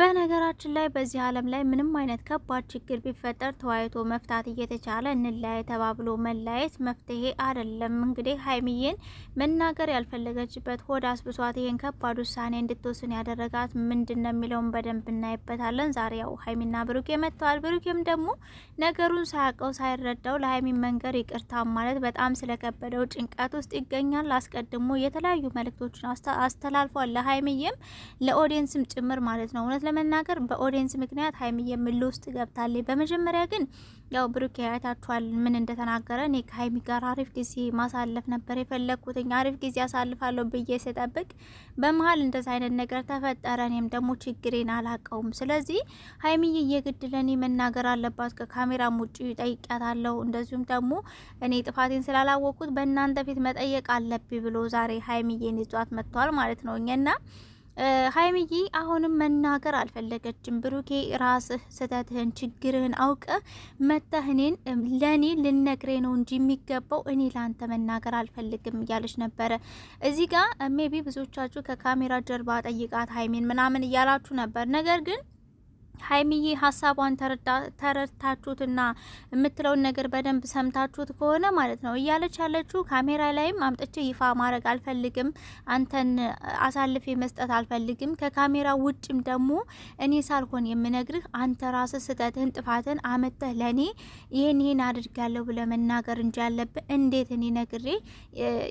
በነገራችን ላይ በዚህ ዓለም ላይ ምንም አይነት ከባድ ችግር ቢፈጠር ተወያይቶ መፍታት እየተቻለ እንለያይ ተባብሎ መለያየት መፍትሄ አይደለም። እንግዲህ ሀይሚዬን መናገር ያልፈለገችበት ሆድ አስብሷት ይህን ከባድ ውሳኔ እንድትወስን ያደረጋት ምንድን ነው የሚለውን በደንብ እናይበታለን። ዛሬ ያው ሀይሚና ብሩኬ መጥተዋል። ብሩኬም ደግሞ ነገሩን ሳያውቀው ሳይረዳው ለሀይሚ መንገር ይቅርታ ማለት በጣም ስለከበደው ጭንቀት ውስጥ ይገኛል። አስቀድሞ የተለያዩ መልእክቶችን አስተላልፏል። ለሀይሚዬም ለኦዲየንስም ጭምር ማለት ነው እውነት ለመናገር በኦዲየንስ ምክንያት ሀይሚዬ ምል ውስጥ ገብታለች። በመጀመሪያ ግን ያው ብሩክ አይታችኋል ምን እንደተናገረ። እኔ ከሀይሚ ጋር አሪፍ ጊዜ ማሳለፍ ነበር የፈለግኩት፣ አሪፍ ጊዜ አሳልፋለሁ ብዬ ስጠብቅ በመሀል እንደዚ አይነት ነገር ተፈጠረ። እኔም ደግሞ ችግሬን አላቀውም። ስለዚህ ሀይሚዬ የግድ ለእኔ መናገር አለባት። ከካሜራም ውጭ ጠይቂያታለሁ። እንደዚሁም ደግሞ እኔ ጥፋቴን ስላላወቅኩት በእናንተ ፊት መጠየቅ አለብኝ ብሎ ዛሬ ሀይሚዬን ይዟት መጥቷል ማለት ነው እኛና ሀይሚዬ አሁንም መናገር አልፈለገችም። ብሩኬ ራስህ ስህተትህን ችግርህን አውቀ መተህ እኔን ለእኔ ልነግሬ ነው እንጂ የሚገባው እኔ ለአንተ መናገር አልፈልግም እያለች ነበረ። እዚህ ጋር ሜቢ ብዙዎቻችሁ ከካሜራ ጀርባ ጠይቃት ሀይሜን ምናምን እያላችሁ ነበር ነገር ግን ሀይሚዬ ሀሳቧን ተረድታችሁትና የምትለውን ነገር በደንብ ሰምታችሁት ከሆነ ማለት ነው እያለች ያለችው ካሜራ ላይም አምጥቼ ይፋ ማድረግ አልፈልግም፣ አንተን አሳልፌ መስጠት አልፈልግም። ከካሜራ ውጭም ደግሞ እኔ ሳልሆን የምነግርህ አንተ ራስህ ስህተትህን ጥፋትን አመተህ ለእኔ ይህን ይህን አድርጋለሁ ብለህ መናገር እንጂ ያለብህ እንዴት እኔ ነግሬ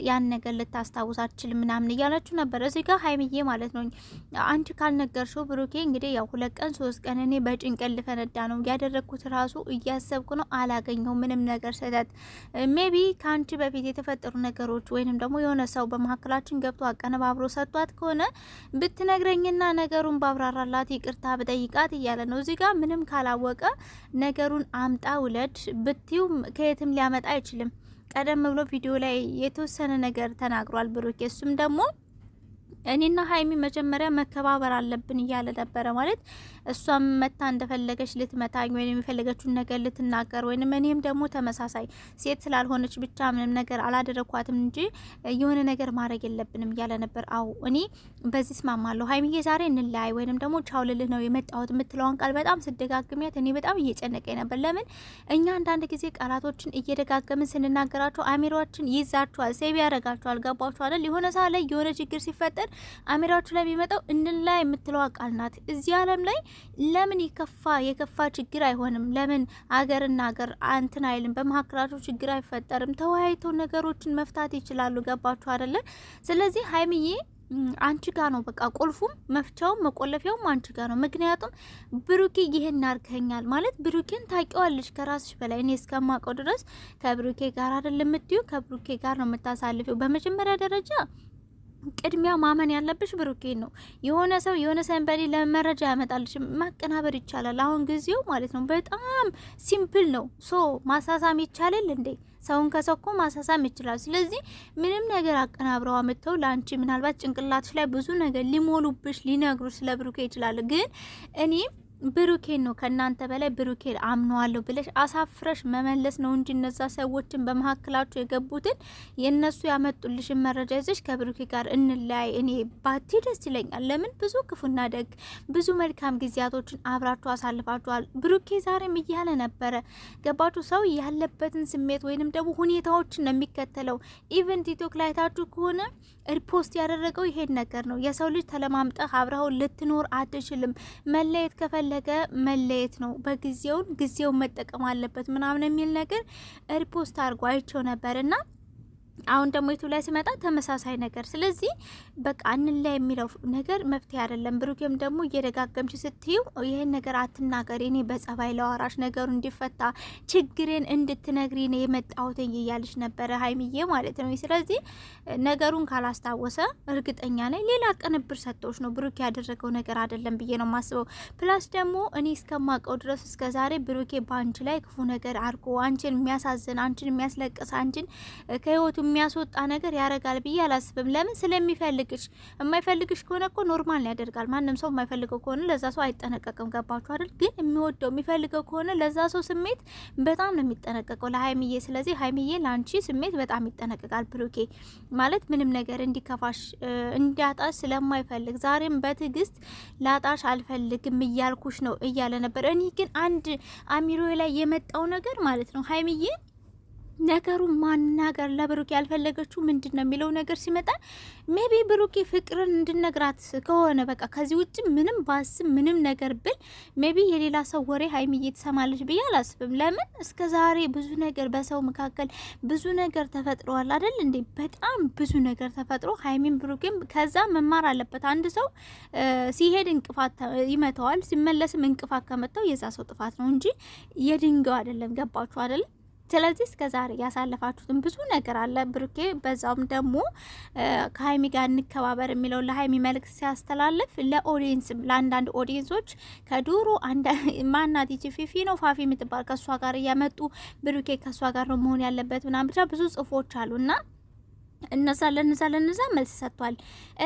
ያን ነገር ልታስታውስ አትችልም ምናምን እያለችሁ ነበር። እዚህ ጋር ሀይሚዬ ማለት ነው አንቺ ካልነገርሽው ብሩኬ እንግዲህ ያው ሁለት ቀን ሶስት ቀን ቀን እኔ በጭንቀት ልፈነዳ ነው። ያደረግኩት ራሱ እያሰብኩ ነው። አላገኘው ምንም ነገር ስህተት ሜቢ ከአንቺ በፊት የተፈጠሩ ነገሮች ወይንም ደግሞ የሆነ ሰው በመካከላችን ገብቶ አቀነባብሮ ሰጥቷት ከሆነ ብትነግረኝና ነገሩን ባብራራላት ይቅርታ ብጠይቃት እያለ ነው። እዚህ ጋር ምንም ካላወቀ ነገሩን አምጣ ውለድ ብትው ከየትም ሊያመጣ አይችልም። ቀደም ብሎ ቪዲዮ ላይ የተወሰነ ነገር ተናግሯል ብሩኬ እሱም ደግሞ እኔና ሀይሚ መጀመሪያ መከባበር አለብን እያለ ነበረ። ማለት እሷም መታ እንደፈለገች ልትመታኝ ወይም የሚፈለገችውን ነገር ልትናገር ወይም እኔም ደግሞ ተመሳሳይ ሴት ስላልሆነች ብቻ ምንም ነገር አላደረኳትም እንጂ የሆነ ነገር ማድረግ የለብንም እያለ ነበር። አዎ እኔ በዚህ ስማማለሁ። ሀይሚዬ ዛሬ እንለያይ ወይም ደግሞ ቻው ልልህ ነው የመጣሁት የምትለዋን ቃል በጣም ስደጋግሚያት እኔ በጣም እየጨነቀኝ ነበር። ለምን እኛ አንዳንድ ጊዜ ቃላቶችን እየደጋገምን ስንናገራቸው አሚሯችን ይዛችኋል፣ ሴቢ ያደርጋችኋል። ገባችኋል? የሆነ ሰዓት ላይ የሆነ ችግር ሲፈጠር ነገር አሜሪያዎቹ ላይ የሚመጣው እንላ የምትለው ቃል ናት። እዚህ ዓለም ላይ ለምን የከፋ የከፋ ችግር አይሆንም? ለምን አገርና አገር አንትን አይልም? በመካከላቸው ችግር አይፈጠርም? ተወያይቶ ነገሮችን መፍታት ይችላሉ። ገባችሁ አይደለ? ስለዚህ ሀይምዬ አንቺ ጋ ነው በቃ ቁልፉም መፍቻውም መቆለፊያውም አንቺ ጋ ነው። ምክንያቱም ብሩኬ ይህን አርገኛል ማለት ብሩኬን ታውቂዋለሽ ከራስሽ በላይ። እኔ እስከማውቀው ድረስ ከብሩኬ ጋር አይደለም የምትዩ ከብሩኬ ጋር ነው የምታሳልፊው። በመጀመሪያ ደረጃ ቅድሚያ ማመን ያለብሽ ብሩኬን ነው። የሆነ ሰው የሆነ ሰንበሌ ለመረጃ ያመጣልሽ ማቀናበር ይቻላል። አሁን ጊዜው ማለት ነው በጣም ሲምፕል ነው። ሶ ማሳሳም ይቻላል እንዴ? ሰውን ከሰኮ ማሳሳም ይችላል። ስለዚህ ምንም ነገር አቀናብረው አምጥተው ለአንቺ ምናልባት ጭንቅላትሽ ላይ ብዙ ነገር ሊሞሉብሽ ሊነግሩ ስለ ብሩኬ ይችላል ግን እኔም ብሩኬን ነው ከእናንተ በላይ ብሩኬን አምነዋለሁ ብለሽ አሳፍረሽ መመለስ ነው እንጂ እነዛ ሰዎችን በመካከላቸው የገቡትን የእነሱ ያመጡልሽን መረጃ ይዘሽ ከብሩኬ ጋር እንለያይ እኔ ባቲ ደስ ይለኛል። ለምን ብዙ ክፉና ደግ ብዙ መልካም ጊዜያቶችን አብራችሁ አሳልፋችኋል። ብሩኬ ዛሬም እያለ ነበረ። ገባችሁ? ሰው ያለበትን ስሜት ወይንም ደግሞ ሁኔታዎችን ነው የሚከተለው። ኢቨን ቲክቶክ ላይታችሁ ከሆነ ሪፖስት ያደረገው ይሄን ነገር ነው። የሰው ልጅ ተለማምጠህ አብረኸው ልትኖር አትችልም። መለየት ከፈለ ከፈለገ መለየት ነው፣ በጊዜውን ጊዜውን መጠቀም አለበት ምናምን የሚል ነገር ሪፖስት አድርጎ አይቸው ነበር እና አሁን ደግሞ ዩቱብ ላይ ስመጣ ተመሳሳይ ነገር። ስለዚህ በቃ እንላ የሚለው ነገር መፍትሄ አይደለም። ብሩኬም ደግሞ እየደጋገምች ስትዩ ይህን ነገር አትናገር፣ እኔ በጸባይ ለዋራሽ ነገሩ እንዲፈታ ችግሬን እንድትነግሪ ነው የመጣሁት እያለች ነበረ ሀይሚዬ ማለት ነው። ስለዚህ ነገሩን ካላስታወሰ እርግጠኛ ላይ ሌላ ቅንብር ሰጥቶች ነው ብሩኬ ያደረገው ነገር አይደለም ብዬ ነው የማስበው። ፕላስ ደግሞ እኔ እስከማውቀው ድረስ እስከዛሬ ብሩኬ በአንቺ ላይ ክፉ ነገር አድርጎ አንቺን የሚያሳዝን አንቺን የሚያስለቅስ አንቺን ከህይወቱ የሚያስወጣ ነገር ያረጋል ብዬ አላስብም። ለምን ስለሚፈልግሽ። የማይፈልግሽ ከሆነ እኮ ኖርማል ያደርጋል። ማንም ሰው የማይፈልገው ከሆነ ለዛ ሰው አይጠነቀቅም። ገባችሁ አይደል? ግን የሚወደው የሚፈልገው ከሆነ ለዛ ሰው ስሜት በጣም ነው የሚጠነቀቀው ለሀይምዬ። ስለዚህ ሀይምዬ ለአንቺ ስሜት በጣም ይጠነቀቃል። ብሩኬ ማለት ምንም ነገር እንዲከፋሽ እንዲያጣሽ ስለማይፈልግ ዛሬም በትዕግስት ላጣሽ አልፈልግም እያልኩሽ ነው እያለ ነበር። እኔ ግን አንድ አሚሮ ላይ የመጣው ነገር ማለት ነው ሀይምዬ ነገሩን ማናገር ለብሩክ ያልፈለገችው ምንድን ነው የሚለው ነገር ሲመጣ ሜቢ ብሩኬ ፍቅርን እንድነግራት ከሆነ በቃ ከዚህ ውጭ ምንም ባስብ ምንም ነገር ብል ሜቢ የሌላ ሰው ወሬ ሀይሚዬ ትሰማለች ብዬ አላስብም። ለምን እስከ ዛሬ ብዙ ነገር በሰው መካከል ብዙ ነገር ተፈጥሯል አደል እንዴ? በጣም ብዙ ነገር ተፈጥሮ ሀይሚን ብሩክም ከዛ መማር አለበት። አንድ ሰው ሲሄድ እንቅፋት ይመታዋል፣ ሲመለስም እንቅፋት ከመታው የዛ ሰው ጥፋት ነው እንጂ የድንገው አይደለም። ገባችሁ አይደለም? ስለዚህ እስከ ዛሬ ያሳለፋችሁትን ብዙ ነገር አለ። ብሩኬ በዛውም ደግሞ ከሀይሚ ጋር እንከባበር የሚለው ለሀይሚ መልእክት ሲያስተላልፍ ለኦዲየንስ ለአንዳንድ ኦዲየንሶች ከዱሮ ማናት ይቺ ፊፊ ነው ፋፊ የምትባል ከእሷ ጋር እያመጡ ብሩኬ ከእሷ ጋር ነው መሆን ያለበት ምናምን ብቻ ብዙ ጽሁፎች አሉ እና እነዛ ለነዛ ለነዛ መልስ ሰጥቷል።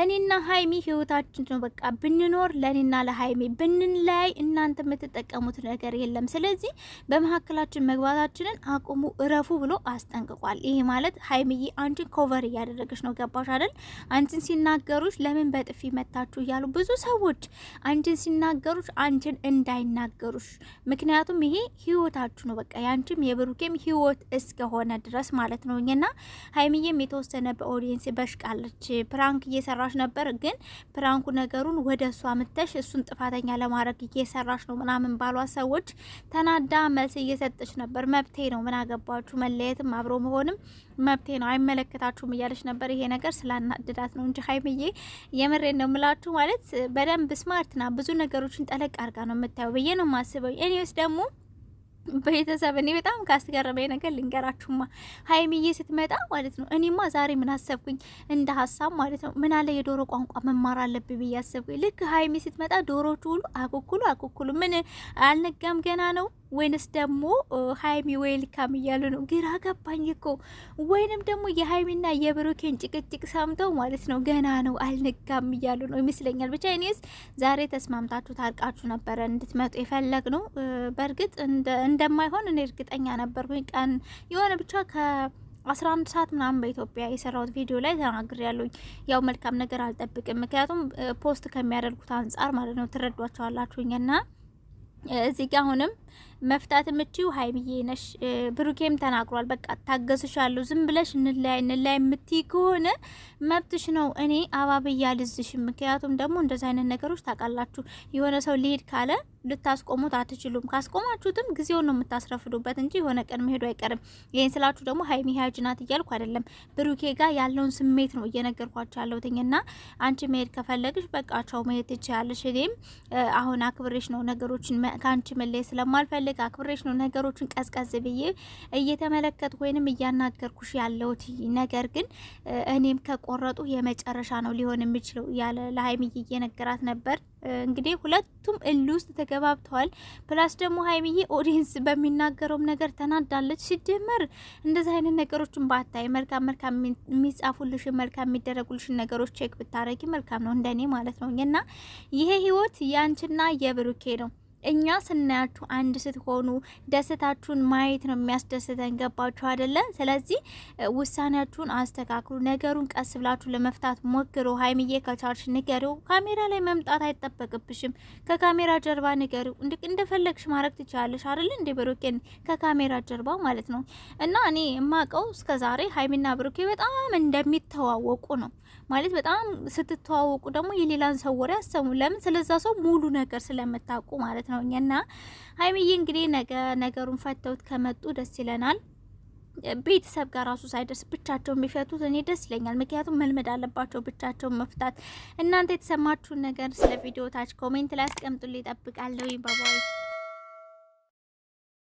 እኔና ሀይሚ ህይወታችን ነው በቃ ብንኖር ለእኔና ለሀይሚ ብንለያይ እናንተ የምትጠቀሙት ነገር የለም። ስለዚህ በመካከላችን መግባታችንን አቁሙ፣ እረፉ ብሎ አስጠንቅቋል። ይሄ ማለት ሀይሚዬ አንቺን ኮቨር እያደረገች ነው። ገባሽ አይደል? አንቺን ሲናገሩች ለምን በጥፊ መታችሁ እያሉ ብዙ ሰዎች አንቺን ሲናገሩች አንቺን እንዳይናገሩሽ። ምክንያቱም ይሄ ህይወታችሁ ነው በቃ የአንቺም የብሩኬም ህይወት እስከሆነ ድረስ ማለት ነው እና ሀይሚዬም የተወሰነ በኦዲየንስ በሽቃለች። ፕራንክ እየሰራች ነበር፣ ግን ፕራንኩ ነገሩን ወደ እሷ ምተሽ እሱን ጥፋተኛ ለማድረግ እየሰራች ነው ምናምን ባሏት ሰዎች ተናዳ መልስ እየሰጠች ነበር። መብቴ ነው፣ ምን አገባችሁ? መለየትም አብሮ መሆንም መብቴ ነው፣ አይመለከታችሁም እያለች ነበር። ይሄ ነገር ስላናድዳት ነው እንጂ ሀይምዬ የምሬን ነው ምላችሁ ማለት በደንብ ስማርትና ብዙ ነገሮችን ጠለቅ አርጋ ነው የምታየው ብዬ ነው ማስበው። እኔስ ደግሞ ቤተሰብ እኔ በጣም ካስገረመኝ ነገር ልንገራችሁማ፣ ሀይሚዬ ስትመጣ ማለት ነው። እኔማ ዛሬ ምን አሰብኩኝ እንደ ሀሳብ ማለት ነው፣ ምን አለ የዶሮ ቋንቋ መማር አለብኝ ብዬ አሰብኩኝ። ልክ ሀይሚ ስትመጣ ዶሮቹ ሁሉ አኩኩሉ አኩኩሉ፣ ምን አልነጋም ገና ነው ወይንስ ደግሞ ሀይሚ ዌልካም እያሉ ነው? ግራ ገባኝ እኮ። ወይንም ደግሞ የሀይሚና የብሩኬን ጭቅጭቅ ሰምተው ማለት ነው ገና ነው አልነጋም እያሉ ነው ይመስለኛል። ብቻ እኔስ ዛሬ ተስማምታችሁ ታርቃችሁ ነበረ እንድትመጡ የፈለግ ነው። በእርግጥ እንደማይሆን እኔ እርግጠኛ ነበርኩኝ። ቀን የሆነ ብቻ ከ አስራ አንድ ሰዓት ምናምን በኢትዮጵያ የሰራሁት ቪዲዮ ላይ ተናግሬ ያለሁኝ ያው መልካም ነገር አልጠብቅም። ምክንያቱም ፖስት ከሚያደርጉት አንጻር ማለት ነው ትረዷቸዋላችሁኝ እና እዚህ ጋ አሁንም መፍታት የምችው ሀይሚዬ ነሽ። ብሩኬም ተናግሯል። በቃ ታገስሻለሁ። ዝም ብለሽ እንላይ እንላይ የምትይ ከሆነ መብትሽ ነው። እኔ አባብያ ልዝሽ ምክንያቱም ደግሞ እንደዚ አይነት ነገሮች ታውቃላችሁ፣ የሆነ ሰው ሊሄድ ካለ ልታስቆሙት አትችሉም። ካስቆማችሁትም ጊዜውን ነው የምታስረፍዱበት እንጂ የሆነ ቀን መሄዱ አይቀርም። ይህን ስላችሁ ደግሞ ሀይሚ ሀያጅ ናት እያልኩ አይደለም። ብሩኬ ጋር ያለውን ስሜት ነው እየነገርኳቸው ያለሁትኝ። እና አንቺ መሄድ ከፈለግሽ በቃቸው መሄድ ትችያለሽ። እኔም አሁን አክብሬሽ ነው ነገሮችን ከአንቺ መለየ ስለማልፈልግ ስፈልግ አክብሬሽ ነው ነገሮችን ቀዝቀዝ ብዬ እየተመለከት ወይንም እያናገርኩሽ ያለሁት። ነገር ግን እኔም ከቆረጡ የመጨረሻ ነው ሊሆን የሚችለው ያለ ለሀይሚዬ እየነገራት ነበር። እንግዲህ ሁለቱም እል ውስጥ ተገባብተዋል። ፕላስ ደግሞ ሀይሚዬ ኦዲንስ በሚናገረውም ነገር ተናዳለች። ሲጀመር እንደዚህ አይነት ነገሮችን ባታይ መልካም መልካም የሚጻፉልሽን መልካም የሚደረጉልሽን ነገሮች ቼክ ብታረጊ መልካም ነው፣ እንደኔ ማለት ነው እና ይሄ ህይወት የአንችና የብሩኬ ነው። እኛ ስናያችሁ አንድ ስትሆኑ ደስታችሁን ማየት ነው የሚያስደስተን። ገባችሁ አይደለ? ስለዚህ ውሳኔያችሁን አስተካክሉ። ነገሩን ቀስ ብላችሁ ለመፍታት ሞክሩ። ሀይሚዬ ከቻልሽ ንገሪው። ካሜራ ላይ መምጣት አይጠበቅብሽም። ከካሜራ ጀርባ ንገሪው። እንደፈለግሽ ማድረግ ትችላለሽ አይደለ? እንደ ብሩኬን ከካሜራ ጀርባ ማለት ነው። እና እኔ የማውቀው እስከዛሬ ሀይሚና ብሩኬ በጣም እንደሚተዋወቁ ነው። ማለት በጣም ስትተዋወቁ ደግሞ የሌላን ሰው ወሬ አሰሙ። ለምን ስለዛ ሰው ሙሉ ነገር ስለምታውቁ ማለት ነው። እኛና ሀይሚዬ እንግዲህ ነገ ነገሩን ፈተውት ከመጡ ደስ ይለናል። ቤተሰብ ጋር ራሱ ሳይደርስ ብቻቸው የሚፈቱት እኔ ደስ ይለኛል። ምክንያቱም መልመድ አለባቸው ብቻቸው መፍታት። እናንተ የተሰማችሁን ነገር ስለ ቪዲዮ ታች ኮሜንት ላይ አስቀምጡልኝ። ይጠብቃለሁ። ባባይ